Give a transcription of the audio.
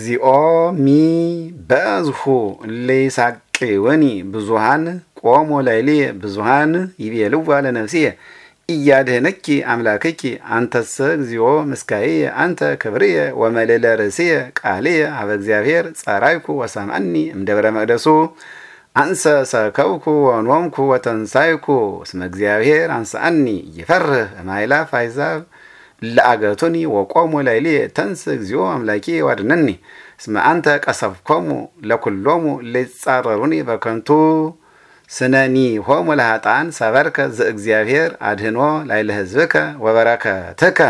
እግዚኦ ሚ በዝሑ ለይሳቅ ወኒ ብዙሃን ቆሞ ላዕልየ ብዙሃን ይቤልዋ ለነፍስየ እያድህነኪ አምላክኪ አንተሰ እግዚኦ ምስካየ አንተ ክብርየ ወመልእለ ርእስየ ቃልየ አበ እግዚአብሔር ጸራይኩ ወሰምዐኒ እምደብረ መቅደሱ አንሰ ሰከብኩ ወኖምኩ ወተንሳይኩ እስመ እግዚአብሔር አንሰአኒ ይፈርህ ማይላፍ አይዛብ ለአገቱኒ ወቆሙ ላይሌ ተንስ እግዚኦ አምላኪ ዋድነኒ እስመ አንተ ለኩሎሙ ሊጻረሩኒ በከንቱ ስነኒ ሆሙ ለሃጣን ሰበርከ ዘእግዚአብሔር አድህኖ ላይለ ህዝብከ ወበረከትከ